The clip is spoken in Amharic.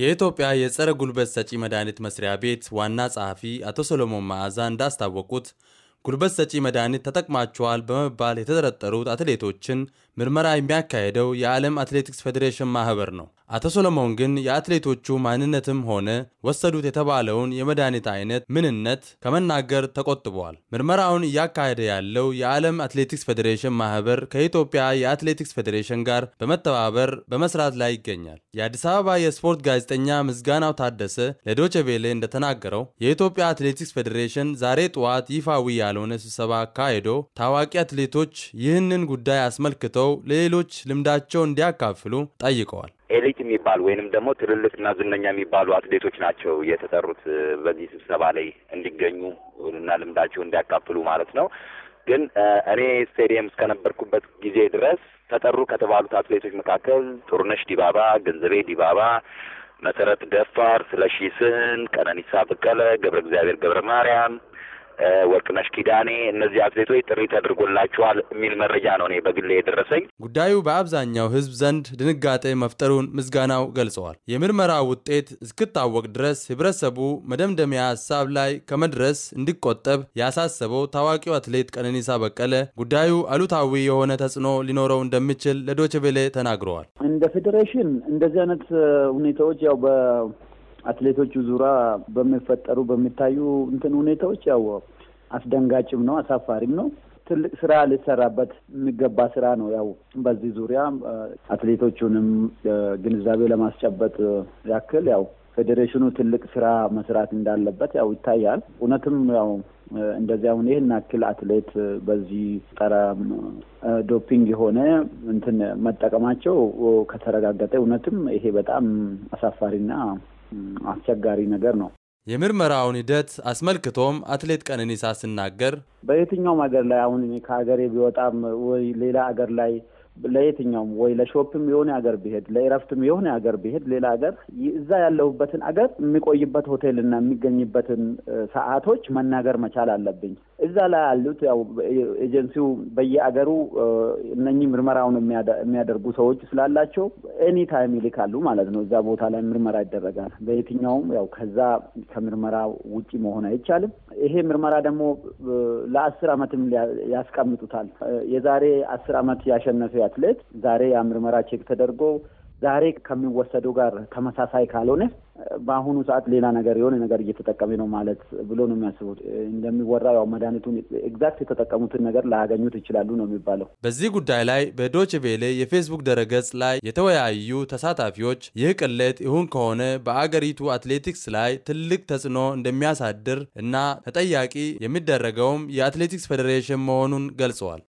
የኢትዮጵያ የጸረ ጉልበት ሰጪ መድኃኒት መስሪያ ቤት ዋና ጸሐፊ አቶ ሰሎሞን መዓዛ እንዳስታወቁት ጉልበት ሰጪ መድኃኒት ተጠቅማቸዋል በመባል የተጠረጠሩት አትሌቶችን ምርመራ የሚያካሄደው የዓለም አትሌቲክስ ፌዴሬሽን ማህበር ነው። አቶ ሰሎሞን ግን የአትሌቶቹ ማንነትም ሆነ ወሰዱት የተባለውን የመድኃኒት አይነት ምንነት ከመናገር ተቆጥበዋል። ምርመራውን እያካሄደ ያለው የዓለም አትሌቲክስ ፌዴሬሽን ማህበር ከኢትዮጵያ የአትሌቲክስ ፌዴሬሽን ጋር በመተባበር በመስራት ላይ ይገኛል። የአዲስ አበባ የስፖርት ጋዜጠኛ ምዝጋናው ታደሰ ለዶቸቬሌ እንደተናገረው የኢትዮጵያ አትሌቲክስ ፌዴሬሽን ዛሬ ጠዋት ይፋዊ ያልሆነ ስብሰባ አካሄዶ ታዋቂ አትሌቶች ይህንን ጉዳይ አስመልክተው ለሌሎች ልምዳቸው እንዲያካፍሉ ጠይቀዋል። ኤሊት የሚባሉ ወይንም ደግሞ ትልልቅና ዝነኛ የሚባሉ አትሌቶች ናቸው የተጠሩት በዚህ ስብሰባ ላይ እንዲገኙ እና ልምዳቸው እንዲያካፍሉ ማለት ነው። ግን እኔ ስቴዲየም እስከነበርኩበት ጊዜ ድረስ ተጠሩ ከተባሉት አትሌቶች መካከል ጥሩነሽ ዲባባ፣ ገንዘቤ ዲባባ፣ መሰረት ደፋር፣ ስለሺ ስህን፣ ቀነኒሳ በቀለ፣ ገብረ እግዚአብሔር ገብረ ማርያም ወርቅነሽ ኪዳኔ እነዚህ አትሌቶች ጥሪ ተደርጎላቸዋል የሚል መረጃ ነው እኔ በግሌ የደረሰኝ። ጉዳዩ በአብዛኛው ሕዝብ ዘንድ ድንጋጤ መፍጠሩን ምስጋናው ገልጸዋል። የምርመራ ውጤት እስክታወቅ ድረስ ህብረተሰቡ መደምደሚያ ሀሳብ ላይ ከመድረስ እንዲቆጠብ ያሳሰበው ታዋቂው አትሌት ቀነኒሳ በቀለ ጉዳዩ አሉታዊ የሆነ ተጽዕኖ ሊኖረው እንደሚችል ለዶችቬሌ ተናግረዋል። እንደ ፌዴሬሽን እንደዚህ አይነት ሁኔታዎች ያው አትሌቶቹ ዙራ በሚፈጠሩ በሚታዩ እንትን ሁኔታዎች ያው አስደንጋጭም ነው፣ አሳፋሪም ነው። ትልቅ ስራ ሊሰራበት የሚገባ ስራ ነው። ያው በዚህ ዙሪያ አትሌቶቹንም ግንዛቤ ለማስጨበጥ ያክል ያው ፌዴሬሽኑ ትልቅ ስራ መስራት እንዳለበት ያው ይታያል። እውነትም ያው እንደዚህ አሁን ይህን አክል አትሌት በዚህ ጸረ ዶፒንግ የሆነ እንትን መጠቀማቸው ከተረጋገጠ እውነትም ይሄ በጣም አሳፋሪና አስቸጋሪ ነገር ነው። የምርመራውን ሂደት አስመልክቶም አትሌት ቀነኒሳ ስናገር በየትኛውም ሀገር ላይ አሁን እኔ ከሀገሬ ቢወጣም ወይ ሌላ ሀገር ላይ ለየትኛውም ወይ ለሾፕም የሆነ ሀገር ብሄድ ለእረፍትም የሆነ ሀገር ብሄድ ሌላ ሀገር እዛ ያለሁበትን ሀገር የሚቆይበት ሆቴልና የሚገኝበትን ሰዓቶች መናገር መቻል አለብኝ። እዛ ላይ ያሉት ያው ኤጀንሲው በየአገሩ እነኚህ ምርመራውን የሚያደርጉ ሰዎች ስላላቸው ኤኒ ታይም ይልካሉ ማለት ነው። እዛ ቦታ ላይ ምርመራ ይደረጋል በየትኛውም ያው ከዛ ከምርመራ ውጪ መሆን አይቻልም። ይሄ ምርመራ ደግሞ ለአስር አመትም ያስቀምጡታል። የዛሬ አስር አመት ያሸነፈ አትሌት ዛሬ ያ ምርመራ ቼክ ተደርጎ ዛሬ ከሚወሰደው ጋር ተመሳሳይ ካልሆነ በአሁኑ ሰዓት ሌላ ነገር የሆነ ነገር እየተጠቀሜ ነው ማለት ብሎ ነው የሚያስቡት። እንደሚወራው ያው መድኃኒቱን ኤግዛክት የተጠቀሙትን ነገር ላያገኙት ይችላሉ ነው የሚባለው። በዚህ ጉዳይ ላይ በዶች ቬሌ የፌስቡክ ድረገጽ ላይ የተወያዩ ተሳታፊዎች ይህ ቅሌት ይሁን ከሆነ በአገሪቱ አትሌቲክስ ላይ ትልቅ ተጽዕኖ እንደሚያሳድር እና ተጠያቂ የሚደረገውም የአትሌቲክስ ፌዴሬሽን መሆኑን ገልጸዋል።